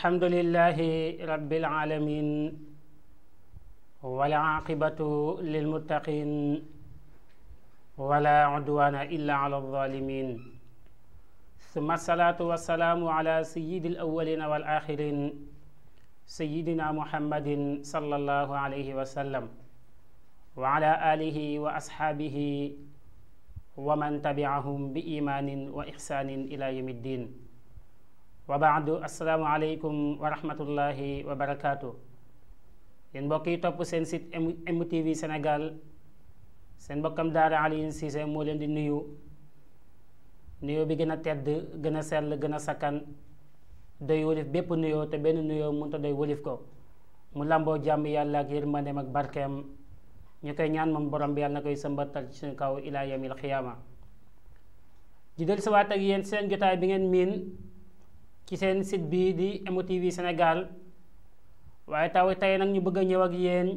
alhamdulillahi rabbil alamin wala aqibatu lilmuttaqin wala udwana illa ala zalimin summa salaatu wassalaamu ala sayyidi alawalina wal axirin sayyidina muhammadin sallallahu alayhi wa sallam wa ala alihi wa asxaabihi wa man tabiahum bi imaanin wa ixsaanin ila yawmi ddin wa baadu assalaamu aleykum wa rahmatullahi wa barakaatu yéen mbokk yi topp seen site MTV Sénégal seen mbokkam daara Alioune Cissé moo leen di nuyu nuyoo bi gën a tedd gën a sell gën a sakkan doy wëlif bépp nuyoo te benn nuyoo mënut a doy wëlif ko mu làmboo jàmm yàlla ak yërmandeem ak barkeem ñu koy ñaan moom borom bi yàlla na koy sëmbatal ci suñu kaw ilaa yamil xiyaama di dellusiwaat ak yéen seen jotaay bi ngeen miin ci seen site bi di MOTV Sénégal waaye taw tey nag ñu bëgg a ñëw ak yéen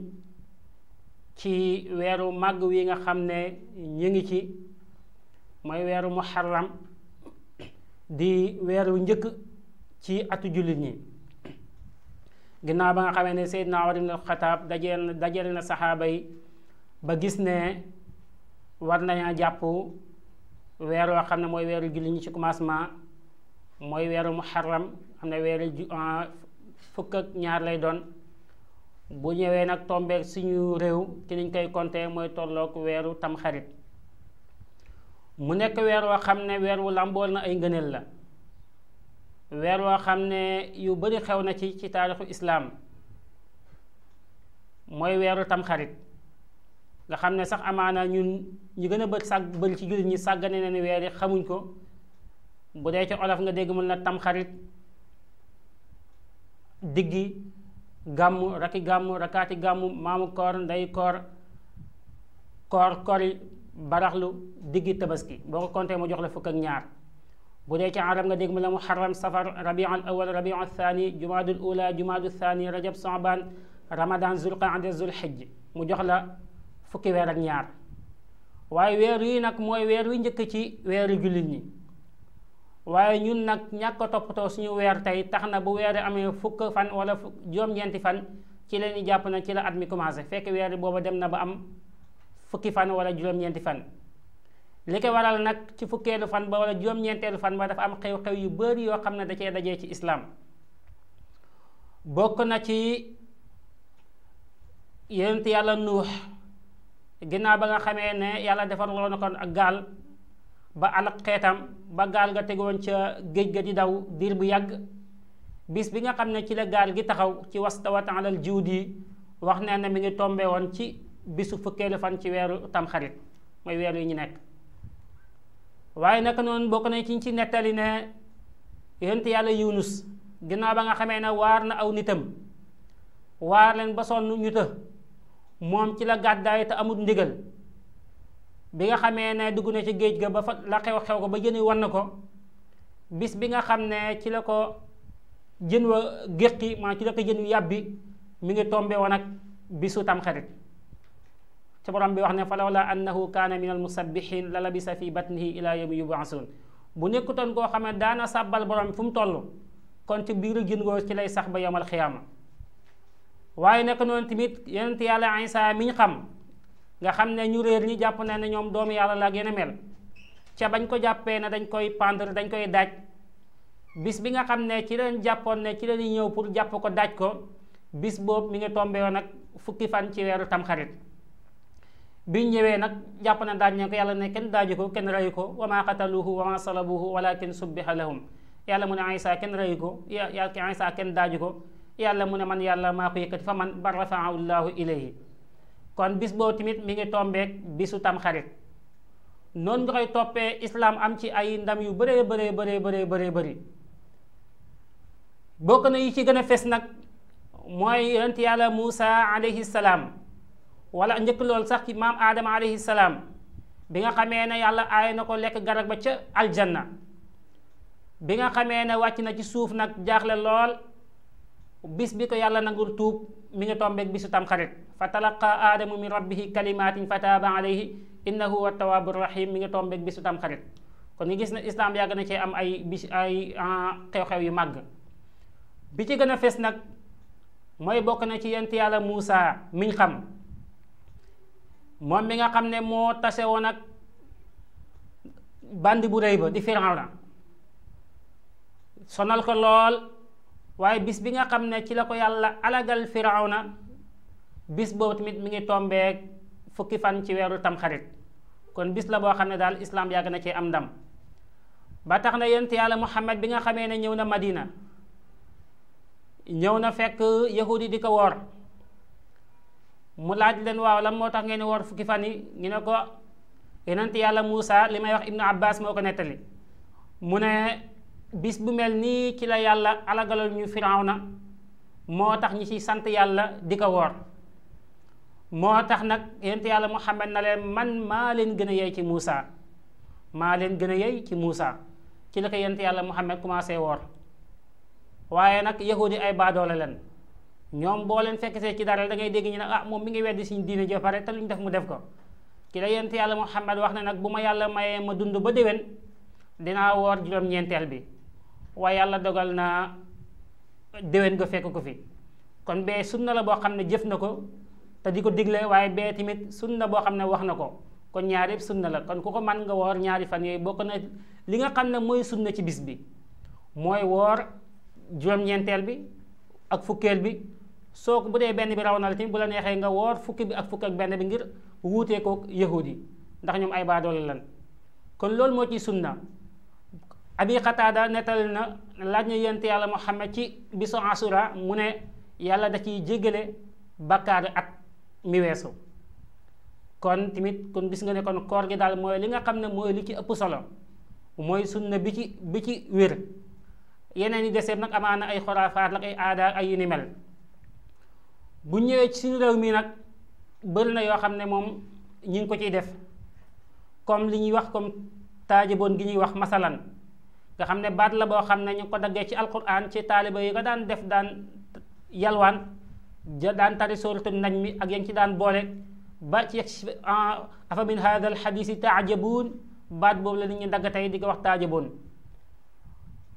ci weeru màgg wi nga xam ne ñu ngi ci mooy weeru muharram di weeru njëkk ci atu jullit ñi ginnaaw ba nga xamee ne Seydina Umar ibn Xataab dajeel dajeel na saxaaba yi ba gis ne war nañu jàpp weer woo xam ne mooy weeru jullit ñi ci commencement mooy weeru muharram xam ne weeru ah, fukk ak ñaar lay doon bu ñëwee nag tombeek suñu réew ci niñ koy compter mooy tolloog weeru tamxarit mu nekk weer woo xam ne weer wu làmbool na ay ngëneel la weer woo xam ne yu bari xew na ci ci taarixu islaam mooy weeru tamxarit nga xam ne sax amaana ñun ñu gën a bëri sàgg bëri ci jullit ñi sàggane na ni weer yi xamuñ ko bu dee ci olof nga dégg mun na tamxarit diggi gàmmu rakki gàmmu rakkaati gàmmu maamu koor ndey koor koor kori baraxlu diggi tabaski boo ko compté mu jox la fukk ak ñaar bu dee ci arab nga dégg mu la muharram safar rabiul awal rabiul thani jumaadul ula jumaadul thani rajab soban ramadan zulqaada zulxijj mu jox la fukki weer ak ñaar waaye weer yi nag mooy weer wi njëkk ci weer jullit ñi waaye ñun nag ñàkk a toppatoo suñu weer tey tax na bu weer amee fukk fan wala juróom-ñeenti fan ci leen ñuy jàpp na ci la at mi commencé fekk weer booba dem na ba am fukki fan wala juróom-ñeenti fan. li ko waral nag ci fukkeelu fan ba wala juróom fan ba dafa am xew-xew yu bari yoo xam ne da cee dajee ci islam bokk na ci yonent yàlla nuux ginnaaw ba nga xamee ne yàlla defar loon kon ak gaal ba alak ba gaal ga tegoon ca géej ga di daw diir bu yàgg bis bi nga xam ne ci la gaal gi taxaw ci wastawat alal juudi wax nee na mi ngi tombe woon ci bisu fukkeelu fan ci weeru tamxarit mooy weer yi ñu nekk waaye naka noonu bokk na ci ci nettali ne yonent yàlla yunus ginnaaw ba nga xamee na waar na aw nitam waar leen ba sonn ñu moom ci la gàddaay te amul ndigal bi nga xamee ne dugg na ci géej ga ba fa la xew xew ko ba jën wi wan na ko bis bi nga xam ne ci la ko jën wa géqi maanaam ci la ko jën wi yàbbi mu ngi tombe woon ak bisu tamxarit ci borom bi wax ne fa lawla annahu kaana min al musabbihin la labisa fi batnihi ila yawmi yub'asun bu nekkutoon koo xam ne daana sàbbal borom fu mu toll kon ci biiru jën goo ci lay sax ba yawmal xiyaama waaye nekk noonu tamit yonent yàlla Isaa miñ xam nga xam ne ñu réer ñi jàpp na ne ñoom doomu yàlla la gën mel ca bañ ko jàppee na dañ koy pendre dañ koy daaj bis bi nga xam ne ci leen jàppoon ne ci leen ñëw pour jàpp ko daaj ko bis boobu mi ngi tombé woon nag fukki fan ci weeru tamxarit biñ ñëwee nag jàpp na daaj ne ko yàlla ne kenn daaju ko kenn reyu ko wa maa qataluhu wa maa salabuhu walakin subbiha lahum yàlla mu ne Isa kenn reyu ko yàlla kenn daaju ko yàlla mu ne man yàlla maa ko yëkkati man ba rafaahu kon bis boo tamit mi ngi tombeek bisu tamxarit noonu nga koy toppee islaam am ci ay ndam yu bëree bëree bëree bëree bëree bëri bokk na yi ci gën a fes nag mooy yonent yàlla Muusa alayhi salaam wala njëkk loolu sax ci maam Aadama alayhi salaam bi nga xamee ne yàlla aay na ko lekk garab ba ca aljanna bi nga xamee ne wàcc na ci suuf nag jaaxle lool bis bi ko yàlla nangul tuub mi ngi tombeeg bisu tamxarit fa talaqa aadamu min rabbihi kalimatin fa taaba alayhi innahu huwa tawaabu rahim mi ngi tombeeg bisu tamxarit kon ñu gis na islam yàgg na cee am ay bis ay ah, xew-xew yu màgg bi ci gën a fes nag mooy bokk na ci yent yàlla Moussa miñ xam moom mi nga xam ne moo tase woon ak bandi bu rëy ba di Firawna sonal ko lool waaye bis bi nga xam ne ci la ko yàlla alagal na bis boobu tamit mi ngi tombeek fukki fan ci weeru tamxarit kon bis la boo xam ne daal islaam yàgg na ci am ndam ba tax na yent yàlla muhammad bi nga xamee ne ñëw na madina ñëw na fekk yahudi di ko woor mu laaj leen waaw lan moo tax ne woor fukki fan yi ñu ne ko yonent yàlla Muusa li may wax ibnu abbas moo ko nettali mu ne bis bu mel nii ci la yàlla alagalal ñu na moo tax ñi ci sant yàlla di ko woor moo tax nag yent yàlla Muhammad na leen man maa leen gën a yey ci Moussa maa leen gën a yey ci Moussa ci la ko yonent yàlla Muhammad commencé woor waaye nag yahudi ay baadoole leen ñoom boo leen fekk see ci dara da ngay dégg ñu ne ah moom mi ngi weddi suñu diine ji pare te lu ñu def mu def ko ci la yent yàlla Muhammad wax ne nag bu ma yàlla mayee ma dund ba déwén dinaa woor juróom bi waa yàlla dogal na déwén nga fekk ko fi kon bee sunna la boo xam ne jëf na ko te di ko digle waaye bee tamit sunna boo xam ne wax na ko kon ñaar yëpp sunna la kon ku ko man nga woor ñaari fan yooyu bokk na li nga xam ne mooy sunna ci bis bi mooy woor juróom bi ak fukkeel bi soo ko bu dee benn bi raw na la bu la neexee nga woor fukki bi ak fukk ak benn bi ngir wuutee ko yahuud yi ndax ñoom ay baadoole lan kon loolu moo ciy sunna abi xataada nettali na laaj na yent yàlla muhammad ci bisu asura mu ne yàlla da ciy jéggale bakkaari at mi weesu kon tamit kon gis nga ne kon koor gi daal mooy li nga xam ne mooy li ci ëpp solo mooy sunna bi ci bi ci wér yeneen yi deseem nag amaana ay xoraafaat nag ay aada ay yu mel bu ñëwee ci suñu réew mi nag bëri na yoo xam ne moom ñu ngi ko ciy def comme li ñuy wax comme taajaboon gi ñuy wax masalan nga xam ne baat la boo xam ne ñu ngi ko daggee ci alquran ci taaliba yi nga daan def daan yalwaan ja daan tari sóoratu nañ mi ak yañ ci daan boole ba ci afa min hada al xadisi taajabuun baat boobu la nit ñi dagg tey di ko wax taajaboon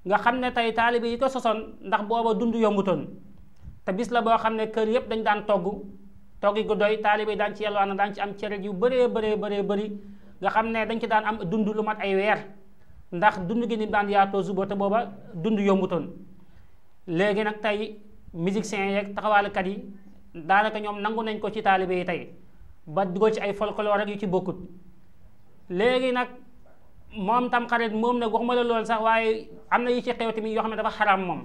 nga xam ne tey taaliba yi ko sosoon ndax booba dund yombutoon te bis la boo xam ne kër yëpp dañ daan togg toggi ko doy taaliba yi daan ci yalwaan daan ci am cere yu bëree bëree bëree bëri nga xam ne dañ ci daan am dund lu mat ay weer ndax dund gi ni daan yaatoo suba te booba dund yombutoon léegi nag tey musiciens yeeg taxawaalkat yi daanaka ñoom nangu nañ ko ci taalibe tey ba dugal ci ay folklore rek yu ci bokkut léegi nag moom tam xarit moom nag waxuma la lool sax waaye am na yu ci xew tamit yoo xam ne dafa xaraam moom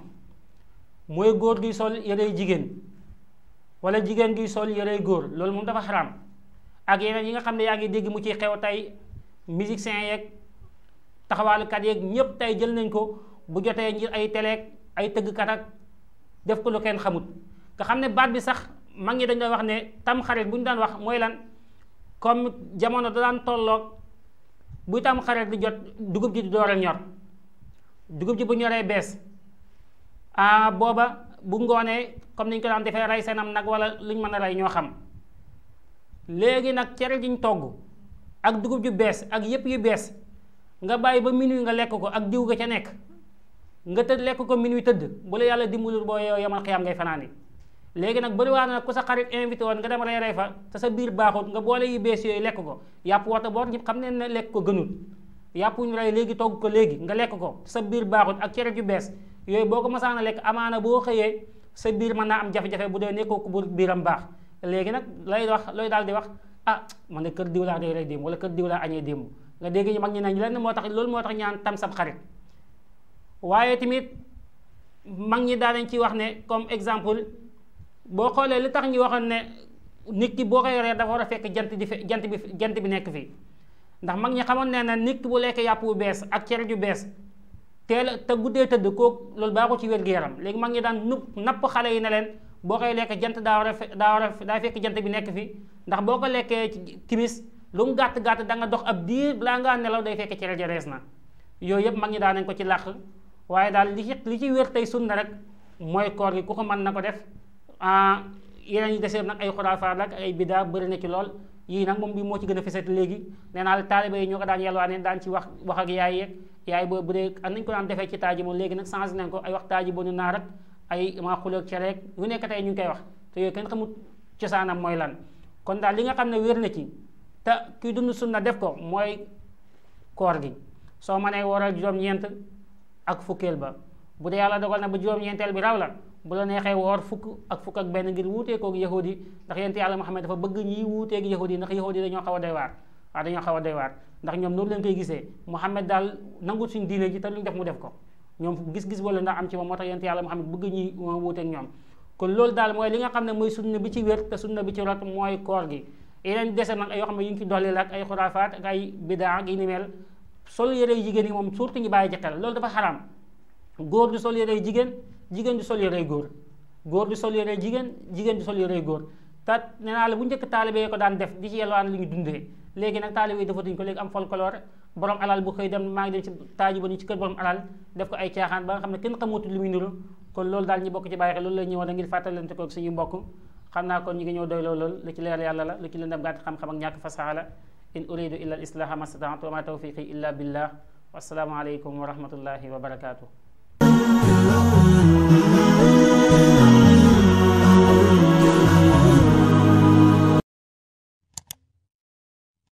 mooy góor guy sol yërey jigéen walla jigéen guy sol yërey góor loolu moom dafa xaram ak yeneen yi nga xam ne yaa ngi dégg mu ci xew tey musiciens yeeg taxawaalukat yeeg ñëpp tey jël nañ ko bu jotee ngir ay teleeg ay tëggkat ak def ko lu kenn xamut nga xam ne baat bi sax mag ñi dañ doon wax ne tam xarit bu ñu daan wax mooy lan comme jamono da daan tolloog buy tam xarit di jot dugub ji di ñor dugub ji bu ñoree bees a booba bu ngoonee comme niñ ko daan defee rey seenam nag wala luñ mën a rey ñoo xam léegi nag cere jiñ togg ak dugub ju bees ak yëpp yu bees nga bàyyi ba minuit nga lekk ko ak diw ga ca nekk nga tëdd lekk ko wi tëdd bu la yàlla dimbalul boo yow yamal xiyaam ngay fanaani léegi nag bëriwaa na nag ku sa xarit invité woon nga dem rey rey fa te sa biir baaxut nga boole yi bees yooyu lekk ko yàpp wata boor ñëpp xam ne ne lekk ko gënul yàpp ñu rey léegi togg ko léegi nga lekk ko sa biir baaxut ak cere ju bees yooyu boo ko masaan lekk amaana boo xëyee sa biir mën naa am jafe-jafe bu dee nekkoo ko bu biiram baax léegi nag lay wax looy daal di wax ah man de kër diw laa doy rey démb wala kër diw laa añee démb nga dégg ñu mag ñi nañ leen moo tax loolu moo tax ñaan tam sab xarit waaye tamit mag ñi daanañ ci wax ne comme exemple boo xoolee li tax ñu waxoon ne nit ki boo ko yoree dafa war a fekk jant di fe jant bi jant bi nekk fii ndax mag ñi xamoon ne na nit ki lekk yàpp bu bees ak cere ju bees teel te guddee tëdd kooku loolu baaxul ci wér yaram léegi mag ñi daan nupp xale yi ne leen boo koy lekk jant daa war a daa war jant bi nekk fii ndax boo ko lekkee timis lu mu gàtt gàtt da nga dox ab diir balaa ngaa nelaw day fekk cere ja rees na yooyu yëpp mag ñi daan nañ ko ci làq waaye daal li ci ci wér tey na rek mooy koor gi ku ko man na ko def ah, yeneen yi desee nag ay xuraafaat ak ay biddaa bëri na ci lool yii nag moom bi moo ci gën a fesat léegi nee naa la ñoo ko daan yalwaane daan ci wax wax ak yaay yeeg yaay boobu bu dee defee ci taaji moom léegi nag changé nañ ko ay wax taaji naar ak ay maa xuloog cereeg yu nekk tey ñu ngi koy wax te yooyu kenn xamul cosaanam mooy lan kon daal li nga xam ne wér na ci te kiy dund sunna def ko mooy koor gi soo mënee waral juróom-ñeent ak fukkeel ba bu dee yàlla dogal na ba juróom-ñeenteel bi raw la bu la neexee woor fukk ak fukk ak benn ngir wuutee koog yahudi ndax yent yàlla Muhammad dafa bëgg ñiy wuuteeg yahudi ndax yahudi dañoo xaw a doy waar waaw xaw a doy ndax ñoom noonu lañ koy gisee Muhammad daal nangu suñ diine ji te luñ def mu def ko ñoom gis-gis wala ndax am ci moom moo tax yent yàlla bëgg ñiy wuuteeg ñoom kon loolu daal mooy li nga xam ne mooy sunna bi ci wér te sunna bi ci rot mooy koor gi yeneen dese nag yoo xam ne yu ñu ci dolli la ak ay xuraafaat ak ay bidaa ak yu ni mel sol yére jigéen yi moom surtout ñu bàyyi jattal loolu dafa xaraam góor du sol yére jigéen jigéen di sol yére góor góor du sol yére jigéen jigéen du sol yére góor te nee naa la bu njëkk taalibe ko daan def di ci yelwaan li ñu dundee léegi nag taalibe yi defatuñ ko léegi am folklore borom alal bu xëy dem maa ngi dem ci taaji ba ni ci kër borom alal def ko ay caaxaan ba nga xam ne kenn xamutu li kon loolu daal ñu bokk loolu la ñëwoon a ngir fàttalante ko ak suñu xam naa ko ñu ngi ñëw doyloo lool lu ci leer yàlla la lu ci lëndëm gàtt xam-xam ak ñàkk fasaha la in uridu illa al islaha ma stata'tu wa ma tawfiqi illa billah wasalaamu aleykum wa rahmatullahi wa barakaatu